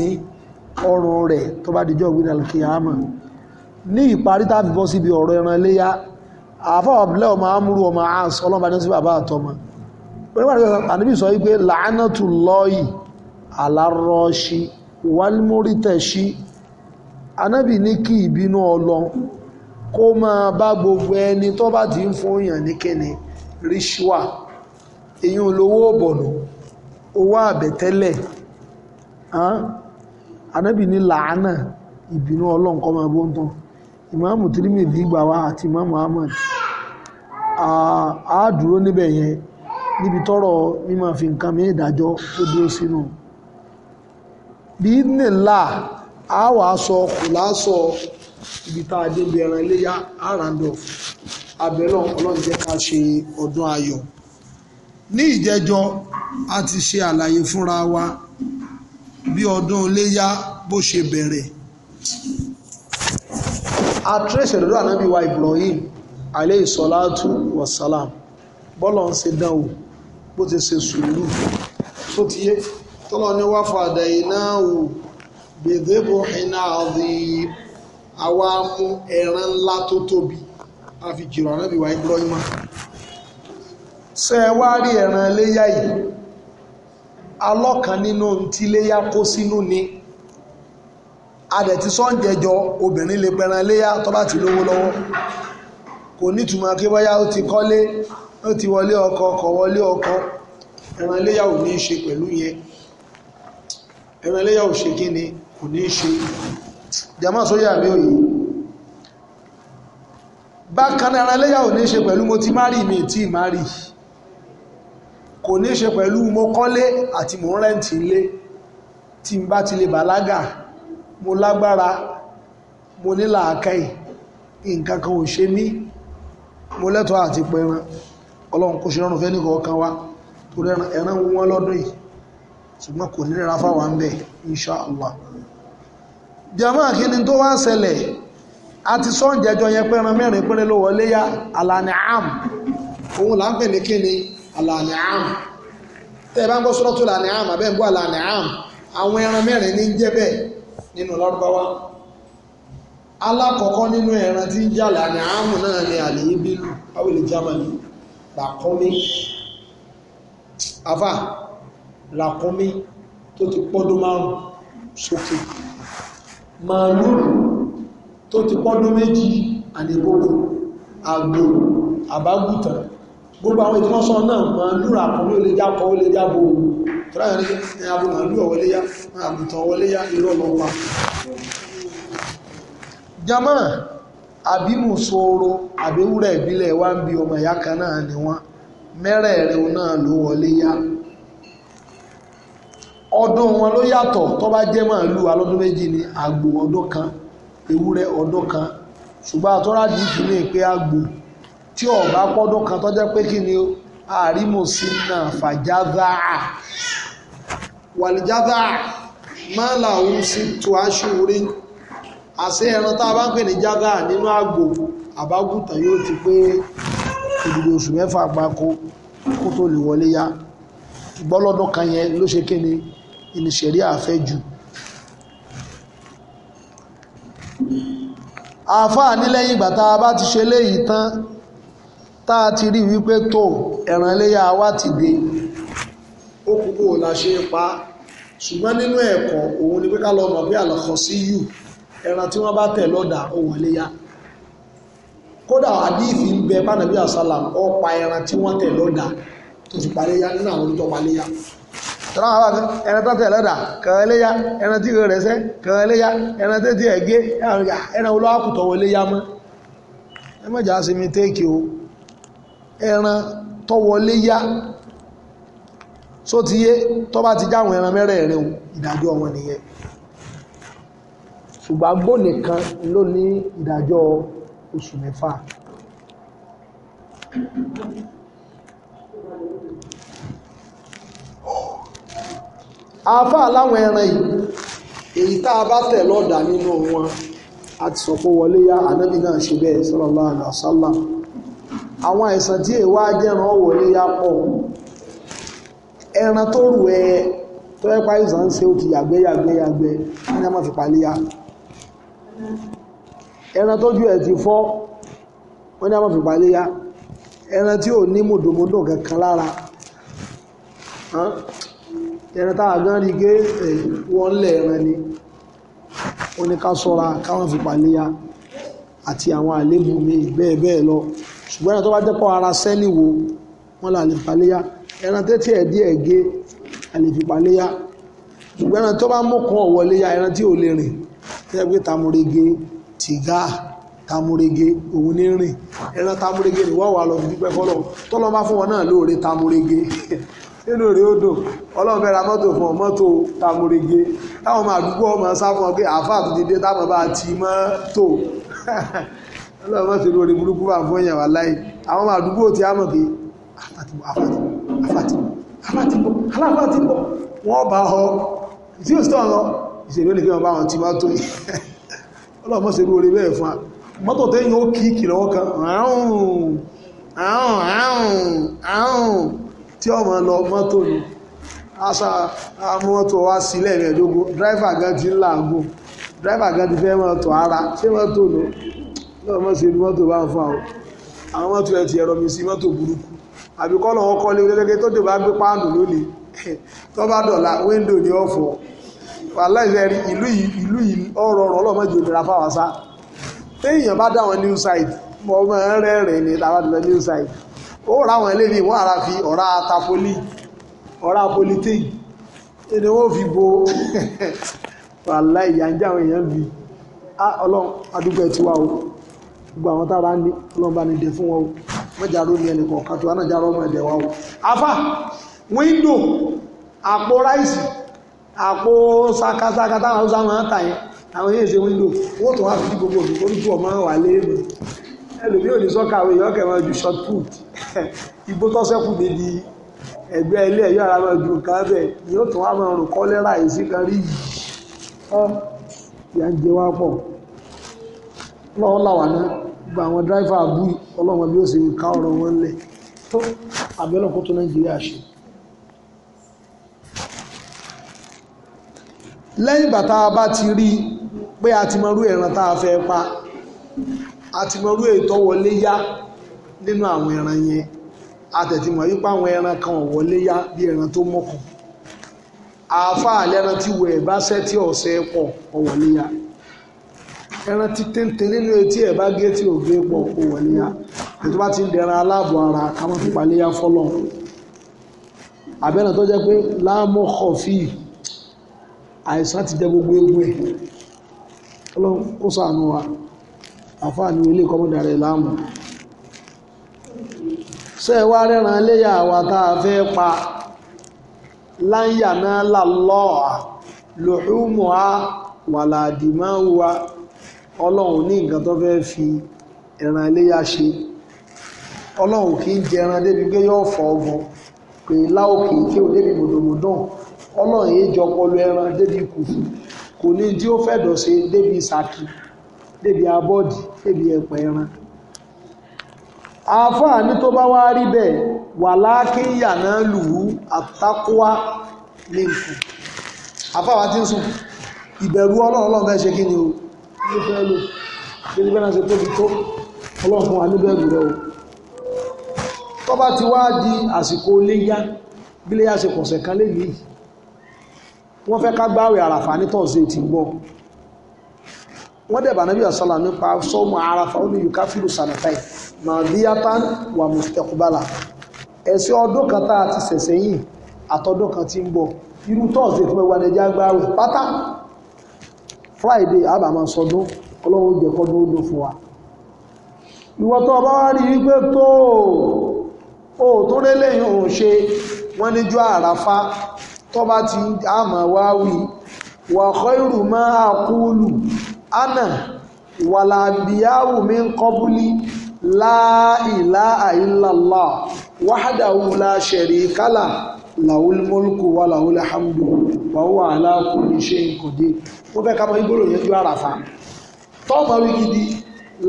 ọrùn rẹ̀ tó bá dijọ́ ìwé alkiyama ní ìparí tá a fi bọ́ síbi ọ̀rọ̀ ẹran iléyá àáfàá ọ̀bùlẹ̀ ọmọ amúrú ọmọ àás ọlọ́mọba ní sí bàbá àtọmọ pẹ̀lú pàdé àníbì sọ wípé làánàtù lọ́ọ̀yì èyí olówó ọ̀bọ̀nù owó àbẹ̀tẹ́lẹ̀ anábì ní làánà ìbínú ọlọ́run máa bọ́ ń tán ìmáàmù àti ìmáàmù Ahmad a dúró níbẹ̀ yẹn níbi tọ́rọ̀ mímọ̀ fi nǹkan mi ìdájọ́ a sọ kò lásọ ibi tá a ẹran iléyà abẹ́lọ́ ọlọ́run jẹ́ ní ìjẹjọ a ti ṣe àlàyé fúnra wa bí ọdún iléyá bó ṣe bẹ̀rẹ̀ a trace ìdọ́dọ̀ ànábì wa Ibrahim aleyhi salatu wasalam bọ́lọ̀ ń ṣe dánwò bó ti ṣe sùúrù tó ti yé tọ́lọ́ ní wá fàdà iná wò bèdébò iná àdìyí àwa mú ẹran ńlá tó tóbi a fi kìlọ̀ ànábì wa Ibrahim ṣe ẹ wá rí ẹran léyà yìí alọ́kan nínú tí léyà kó sínú ni adẹ̀tí sọ́njẹjọ obìnrin lè pẹran léyà tó bá ti lówó lọ́wọ́ kò nítumọ̀ kí bọ́yá ó ti kọ́lé ó ti wọlé ọkọ kò wọlé ọkọ ẹran léyà ò ní í ṣe pẹ̀lú yẹn ẹran léyà ò ṣe kí ni kò ní í ṣe jama sóyà mi ò yìí bákan ẹran léyà ò ní í ṣe pẹ̀lú mo ti má rí mi tí ì má rí yìí kò ní ṣe pẹ̀lú mo kọ́lé àti mo rẹ́ǹtì ilé tí n bá ti lè bàlágà mo lágbára mo ní làákàyè nǹkan kan ò ṣe mí mo lẹ́tọ̀ọ́ àti pẹran ọlọ́run kò ṣe rọrùn fẹ́ nìkan ọkàn wa torí ẹran wọn lọ́dún yìí ṣùgbọ́n kò ní rárá fáwọn ń bẹ̀ insha Allah jama kí tó wá ṣẹlẹ̀ a ti sọ́ǹjẹ́jọ yẹn pẹ́ran mẹ́rin péré ló wọlé yá alaniam òun là ń pè ní kí ni alàníàm tẹ́ ẹ bá ń gbọ́ sọ́rọ́tù alàníàm abẹ́ ń gbọ́ alàníàm àwọn ẹran mẹ́rin ní jẹ́ bẹ́ẹ̀ nínú lárúbáwá alákọ̀ọ́kọ́ nínú ẹran tí ń jẹ́ alàníàm náà ni àlèébílù awele germany làkọ́mí afa làkọ́mí tó ti pọ́dún márùn sókè màálùú tó ti pọ́dún méjì àdìbòkò àgbò àbágùtàn gbogbo àwọn naa náà ma lúra kan ló lè jápọ̀ ó lè jábò tọ́láyà ní ẹ̀yàbò máa lú ọ̀wọ́lé yá àgùntàn yá irọ́ lọ pa jama àbímù sóró àbíwúrẹ̀ ìbílẹ̀ wá ń ọmọ ìyá kan ni wọ́n mẹ́rẹ̀ẹ̀rẹ̀ náà ló wọlé yá ọdún wọn ló yàtọ̀ tó bá jẹ́ máa lú alọ́dún méjì ni kan ewúrẹ́ ọdún kan ṣùgbọ́n tí ọba pọ́dún kan tó pé kí ni àrímùsínà fàjádà wàlìjádà máa làwọn sí tó aṣúrí àṣẹ ẹran tá a bá ń pè ní jádà nínú àgbò àbágùntàn yóò ti pé ìdìbò oṣù mẹ́fà gbáko kó tó lè wọlé kan yẹn ló ṣe kí ni àfẹ́ jù àfáà tá a ti rí wípé tó ẹ̀ràn iléyà wa ti dé ó kú bò la pa ṣùgbọ́n nínú ẹ̀kọ́ òun ni pé ká lọ mọ̀ bí àlọ́kọ̀ sí yù ẹran tí wọ́n bá tẹ̀ lọ́dà ó wọ́n kódà àdíìfì ń bẹ bánàbí àsálàm ó pa ẹran tí wọ́n tẹ̀ lọ́dà tó fi paléyà nínú àwọn olùtọ́ paléyà tọ́lá wà fún ẹran tó tẹ̀ lọ́dà kẹrẹ léyà ẹran tí kẹrẹ rẹsẹ́ kẹrẹ léyà ẹran tó ti ẹ̀gé ẹran olówó àkùtọ̀ wọléyà mọ́ ẹ mọ̀jà sí mi téèkì o ẹran tọ́wọlé yá só ti yé tọ́ bá ti jáwọn ẹran mẹ́rẹ̀ẹ̀rin ìdájọ́ wọn nìyẹn ṣùgbọ́n gbó nìkan ló ní ìdájọ́ oṣù mẹ́fà àáfà láwọn ẹran yìí èyí tá a bá tẹ̀ lọ́dà nínú wọn a ti sọ wọlé yá ànábì náà ṣe bẹ́ẹ̀ sallallahu alaihi àwọn àìsàn tí èèwà jẹ́ran ọ̀wọ̀ lé yá pọ̀ ẹran tó rù ẹ tó ẹ pa ìsàn ń ṣe ó ti yàgbẹ́ yàgbẹ́ yàgbẹ́ ní a máa fi paléyà ẹran tójú ẹ̀ ti fọ́ wọ́n ní a máa fi paléyà ẹran tí ò ní mùdùmùdù kankan lára ẹran táwa gan rí gé wọ́n lẹ̀ ẹran ni wọ́n ní ká sọ́ra káwọn fi àti àwọn àléébù mi bẹ́ẹ̀ bẹ́ẹ̀ lọ ṣùgbọ́n ẹran tó bá jẹ́ pọ̀ ara sẹ́ni wo wọ́n là lè paléyà ẹran tẹ́tí ẹ̀ díẹ̀ gé a lè fi paléyà ṣùgbọ́n ẹran tó bá mọ̀kàn ọ̀wọ́léyà ẹran tí ò lè rìn tẹ́lẹ̀ pé tamurege tìgá tamurege òun ní rìn ẹran tamurege ni wọ́n wà lọ fi dúpẹ́ fọlọ́ tọ́lọ́ bá fún wọn náà lóore tamurege [LAUGHS] nínú rèé odò ọlọ́run fẹ́ ra mọ́tò fún ọ mọ́tò tamurege táwọn ọmọ àdúgbò ọmọ sá ọ pé àáfàá tó táwọn bá ti mọ́tò [LAUGHS] ọlọ́wọ́ sí lórí burúkú wà fún èèyàn wà láì àwọn àdúgbò tí a mọ̀ pé afátibọ̀ afátibọ̀ afátibọ̀ aláfátibọ̀ wọ́n bá họ tí ó sọ ọ̀rọ̀ ìṣèlú ní kí wọ́n bá wọn ti máa tó yìí ọlọ́wọ́ sí lórí bẹ́ẹ̀ fún mọ́tò tó yíò kí kìlọ́wọ́ kan àrùn àrùn àrùn àrùn tí ọmọ lọ mọ́tò ní aṣa amọ́tò wá sílẹ̀ mẹ́ẹ̀dógún dráìfà gan ti ń làágùn dráìfà gan ti fẹ́ mọ́tò ara ṣé mọ́tò lọ náà mọ́ sí mọ́tò bá ń fa o àwọn mọ́tò ẹ̀ ti ẹ̀rọ mi sí mọ́tò burúkú àbí kọ́ lọ́wọ́ kọ́ lé gẹ́gẹ́ tó dèbà gbé páànù lónìí [LAUGHS] tó bá dọ̀la wíńdò ní ọ̀fọ̀ aláìsẹ̀rí ìlú ìlú ọ̀rọ̀ ọ̀rọ̀ ọlọ́mọdé òdìrà fáwọn sá téèyàn bá dáwọn new site mọ ọmọ rẹ́rìn ní tàbátìlẹ̀ new site ó ráwọn eléyìí wọ́n ara fi ọ̀rá tapoli ọ̀rá politin ẹni wọ́n fi bo [LAUGHS] wàhálà ìyànjẹ àwọn èèyàn bí ah, ọlọ́run adúgbò ẹ̀ ti wá o gbogbo àwọn tára ní ọlọ́run bá ní dé fún wọn o mọ́jà ló ní ẹnì kọ̀ọ̀kan tó wà náà járọ́ ọmọ ẹ̀dẹ̀ wa o afa wíńdò àpò ráìsì àpò sakasaka táwọn haúsá máa short put [LAUGHS] igbó tó sẹ́kù níbi ẹgbẹ́ ilé ẹ̀yọ́ ara máa ju nǹkan bẹ̀ ni ó tún wá pọ̀ lọ́wọ́ làwà náà gba àwọn dráìfà àbú ọlọ́wọ́n bí ó sì ká ọ̀rọ̀ wọn lẹ̀ tó àbẹ́lọ̀ kó tó nàìjíríà ṣe lẹ́yìn ìgbà tá a bá ti rí pé a ti mọrú ẹran tá fẹ́ pa a ti mọrú ètò wọlé yá nínú àwọn ẹran yẹn a tẹ̀tí mọ̀ wípé àwọn ẹran kan wọlé yá bí ẹran tó mọ̀kàn àáfàá lẹ́ran tí wọ ẹ̀ bá sẹ́tí ọ̀sẹ̀ pọ̀ ọ̀wọ̀lé yá ẹran tí téńté nínú etí ẹ̀ bá gé tí ò gé pọ̀ kó wọ̀ níyà ètò bá ti ń dẹran aláàbò ara ká má fi paléyà fọ́lọ̀ àbẹ́rẹ́ tó jẹ́ pé láàmúkọ̀ fíì àìsàn ti jẹ gbogbo egun ẹ̀ ọlọ́run kó ṣàánú wa àfáà ní ilé kọ́mọ́dà láàmú ṣe wá rẹ̀ràn léyà àwà táa fẹ́ pa láyà náà lálọ́ọ̀ lòhùnmọ́ wàlàdìmáwà ọlọ́run ní nǹkan tó fẹ́ fi ẹran iléyà ṣe ọlọ́run kì í jẹ ẹran débi pé yóò fọ ọgbọ́n pé láòkè kí o débi mọ̀dọ̀mọ̀dọ̀. ọlọ́run yìí jọ pọlu ẹran débi kùfù kò ní tí ó fẹ́ ṣe débi sàkì débi abọ́dì débi ẹ̀pẹ̀ ẹran àáfàá ní tó bá wá rí bẹ́ẹ̀ wà lákínyà náà lù ú àtàkùwá lẹ́kùn àáfàá wa ti ń sùn ìbẹ̀rù ọlọ́run ọlọ́run fẹ́ ṣe kí ni o ló fẹ́ lò bí bẹ́ẹ̀ náà ṣe tóbi tó o tó bá ti wá di àsìkò léyá bí léyá ṣe kọ̀ọ̀sẹ̀ kan lè yìí wọ́n fẹ́ ká gbáwẹ̀ àràfà ní tọ̀sẹ̀ ti gbọ́ wọ́n dẹ̀bà náà bí ọ̀sọ́là nípa sọ́mù àràfà ó ní yùká fìlù sanatai nàdíyátán wà mùsùtẹ̀kùbálà ẹ̀sẹ̀ ọdún kan tá a ti ṣẹ̀ṣẹ̀ yìí àtọdún kan ti ń bọ̀ irú tọ̀sẹ̀ tó mẹ́wàá friday àbá máa sọdún ọlọ́run jẹ́ kọ́dún ó dùn fún wa ìwọ tó bá wá rí wípé tó o tó rélé ìhùn ṣe wọ́n níjọ́ àràfá tó bá ti àmà wá wí wà kọ́ ìrù máa kúlù ánà wàlàbíyáwù mi ń kọ́búlí láìlá àìlàlá wáhádàwù wà làwùl hàmdù ṣe ń kọ̀dé mo fẹ́ ká mọ igbóró yẹn ju àràfà tọ́ọ̀mọ̀ wí gidi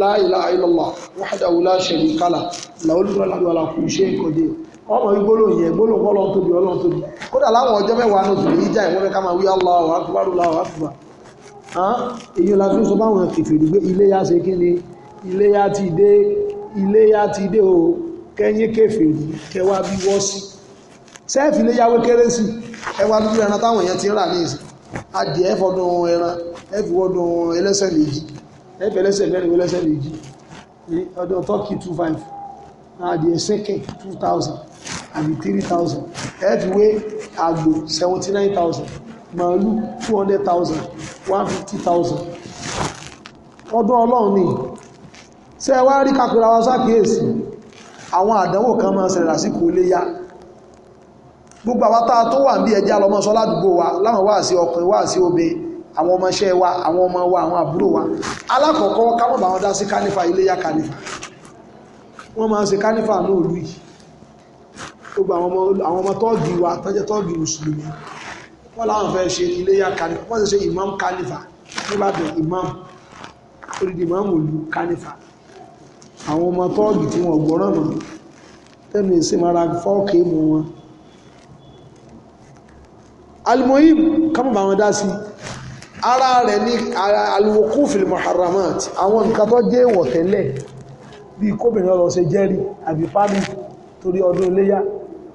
la ilaha illallah wahdahu la sharika lahu làwọn olùkọ́ ala kulli shay'in qadir ọmọ igbóró yẹn gbóró ọlọ́run tóbi ọlọ́run tóbi kódà láwọn ọjọ́ mẹ́wàá náà tòlè yíjà ìwọ́n fẹ́ ká máa wí Allahu akbar Allahu akbar èyí la fi ń sọ báwọn kèfèrí gbé iléyà ṣe kí ni iléyà ti dé iléyà ti dé o kẹ́yìn kèfèrí adìẹ fọdún ẹran ẹfi wọdún ẹlẹ́sẹ̀ méjì ẹfi ẹlẹ́sẹ̀ mẹ́rin ẹlẹ́sẹ̀ méjì ọdún turkey two five adìẹ sẹ́kẹ̀ two thousand àbí three thousand ẹfi wé àgbò seventy nine thousand màálù two hundred thousand one fifty thousand ọdún ọlọ́run ni ṣé ẹ wá rí kakura wa sákìyèsí àwọn àdánwò kan máa ṣẹlẹ̀ lásìkò iléyà gbogbo àwọn tá a tó wà ń bí ẹja lọmọ sọ ládùúgbò wa láwọn wá sí ọkùnrin wá sí obìnrin àwọn ọmọọṣẹ́ wa àwọn ọmọ wa àwọn àbúrò wa alákọ̀ọ́kọ́ kámọ̀ bá wọn dá sí kánífà iléyà kánífà wọ́n máa ń ṣe kánífà ní òlú yìí gbogbo àwọn ọmọ tọ́ọ̀gì wa tọ́jẹ́ tọ́ọ̀gì mùsùlùmí wọ́n láwọn fẹ́ ṣe iléyà kánífà wọ́n sì ṣe imam kánífà nígbàdàn imam orílẹ̀ imam òlú kánífà àwọn ọmọ tọ́ọ̀gì tí wọ́n gbọ́ràn mọ́ tẹ́nu ìsinmi ara fọ́ọ̀kì mọ́ wọn alimoyim kama bá wọn dá sí ara rẹ̀ ní alwokú filimuharamat àwọn nǹkan tó jẹ́ èèwọ̀ tẹ́lẹ̀ bí kóbìnrin ọlọ́ ṣe jẹ́rí àbí pálí torí ọdún iléyá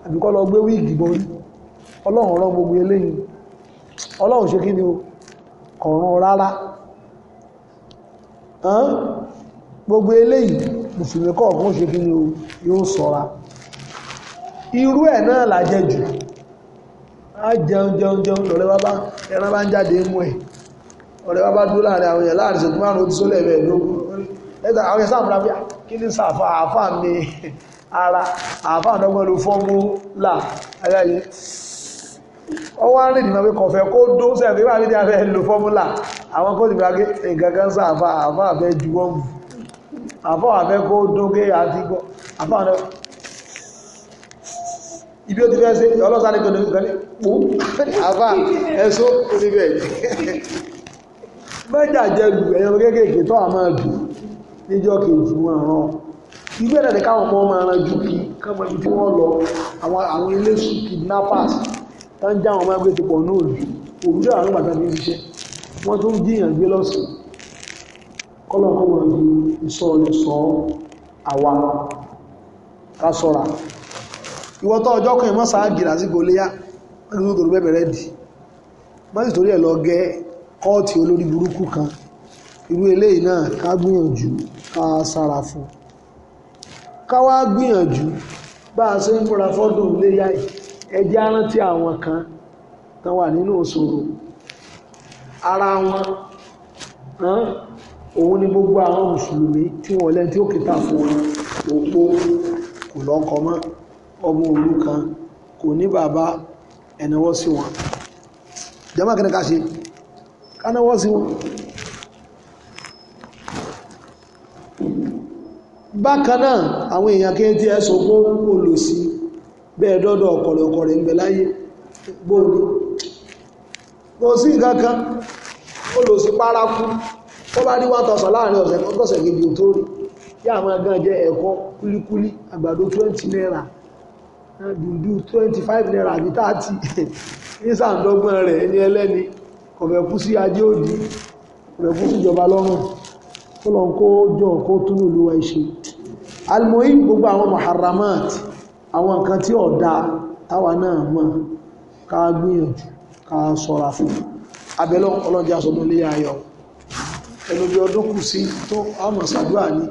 àbí kọ́ lọ gbé wíìgì borí ọlọ́run rán gbogbo eléyìí ọlọ́run ṣe kí ni o kọ̀ọ̀rán rárá gbogbo eléyìí mùsùlùmí kọ̀ọ̀kan ṣe kí ni o yóò ṣọ́ra irú ẹ̀ náà làjẹjù á jẹun jẹun jẹun lọ́rẹ́ wá bá ẹran bá ń jáde mú ẹ̀ ọ̀rẹ́ wá bá dúró láàrin àwọn èèyàn láàrin ṣètò márùn-ún ti sólẹ̀ bẹ́ẹ̀ lógún ẹ̀ta àwọn èèyàn sáàmùra bí kí ní sàfà àfà mi ara àfà àdọ́gbọ́n ló fọ́múlà ayáyé ọwọ́ ń rìn nìmọ̀ pé kọ̀fẹ́ kó dó sẹ́ẹ̀fẹ́ wà nídìí afẹ́ lo fọ́múlà àwọn kó tìbí agé nǹkan kan sàfà àfà àfẹ́ juwọ́ mu àfà àfẹ́ kó dó gé àti gbọ́ àfà àdọ́gbọ́n ibi ó ti fẹ́ sí ọlọ́sàn ní gbẹ̀lú gbẹ̀lú pò àbá ẹ̀sọ́ oníbẹ̀ yìí mẹ́jà jẹ́ lù ẹ̀yọ́ kéékèèké tó àmọ́ jù níjọ́ kejì wọn ràn ìgbé ẹ̀rẹ̀ ní káwọn ọmọ máa ran jù kí kọ́mọ ibi tí wọ́n lọ àwọn àwọn ilé sùn kidnappers tó ń já àwọn ọmọ ẹgbẹ́ ti pọ̀ náà lù òwúrọ̀ àwọn bàtà ní iṣẹ́ wọ́n tún jíyàn gbé lọ́sùn kọ́lọ́kọ́mọ di ìsọ̀rọ̀ sọ àwa ká sọ̀ra ìwọ́tọ́ ọjọ́ kan ìmọ̀ sáàgì lásìkò léyà wọ́n ti tó torí bẹ́bẹ̀rẹ̀ dì wọ́n sì torí ẹ̀ lọ gẹ kọ́ọ̀tì olórí burúkú kan irú eléyìí náà ká gbìyànjú ká sára fún ká wá gbìyànjú bá a ṣe ń múra fọ́dún léyà ẹjẹ́ arántí àwọn kan tán wà nínú òṣòro ara wọn òun ni gbogbo àwọn mùsùlùmí tí wọ́n lẹ́ni tí ó kìtà fún wọn òpó kò lọ́kọ mọ́ ọmọ òrukàn kò ní bàbá ẹ̀nàwọ́ sí wọn kí ká ṣe kánáwọ́ sí wọn bákanáà àwọn èèyàn kí tí ẹ sọ pé olùsí bẹ́ẹ̀ bẹ láyé kò sí paraku ó bá rí 1000 láàrin ọ̀sẹ̀ gidi ò tó rí ẹ̀kọ́ dùndú twenty five naira àbí thirty ní sàǹdọ́gbọ́n rẹ̀ ẹni ẹlẹ́ni kọ̀bẹ̀kú sí ajé òdì kọ̀bẹ̀kú sí ìjọba lọ́rùn kó lọ kó jọ kó túnú olúwa ìṣe almohim gbogbo àwọn muharramat àwọn nǹkan tí ọ̀dà táwa náà mọ̀ ká gbìyànjú ká sọ́ra fún abẹ́lọ́ ọlọ́jà sọdún lé ayọ̀ ẹnu bí ọdún kù sí tó àmọ̀ sàdúrà ní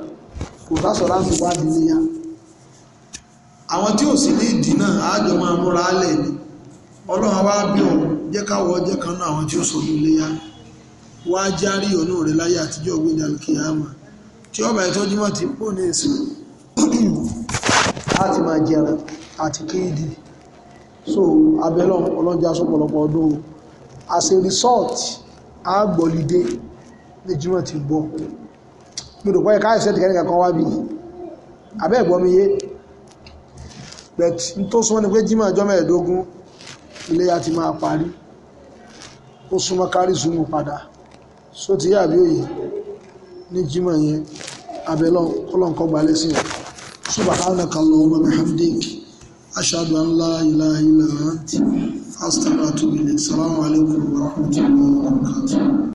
kò bá sọ̀rọ̀ àti bá àwọn tí ò sí ní ìdí náà àjọ máa múra lẹ̀ ni ọlọ́run wá bí ọ jẹ́ káwọ́ jẹ́ kan náà àwọn tí ó sọ nílé yá wá járí ọ̀nà rẹ̀ láyé àtijọ́ ògbéjà kìámà tí ọba ẹ̀ tọ́jú ti pò ní ìsìn láti máa jẹrà àti kéèdì so abẹ́lọ́ ọlọ́jà sọ̀pọ̀lọpọ̀ ọdún as a result àgbọ̀lídé ní jimọ̀ ti gbọ́ mi rò pọ́ ẹ̀ká ìṣẹ́ tìkẹ́nìkan kan wá bí but n tó súnmọ́ ni pé jimá ọjọ́ mẹ́ẹ̀ẹ́dógún iléyà ti máa parí ó súnmọ́ kárí zoomu padà só ti yá àbí òye ní jimá yẹn abẹ́lọ́ kọ́lọ́nkọ́ gbalẹ̀ sí ẹ̀ subhanaka Allahumma wa bihamdik ashhadu an la ilaha illa anta astaghfiruka wa atubu ilayk assalamu